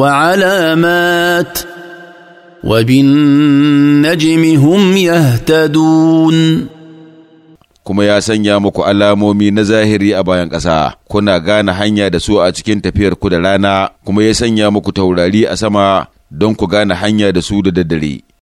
وعلامات وبالنجم هم يهتدون kuma ya sanya muku alamomi na zahiri a bayan ƙasa, kuna gane hanya da su a cikin tafiyar ku da rana, kuma ya sanya muku taurari a sama don ku gane hanya da su da daddare.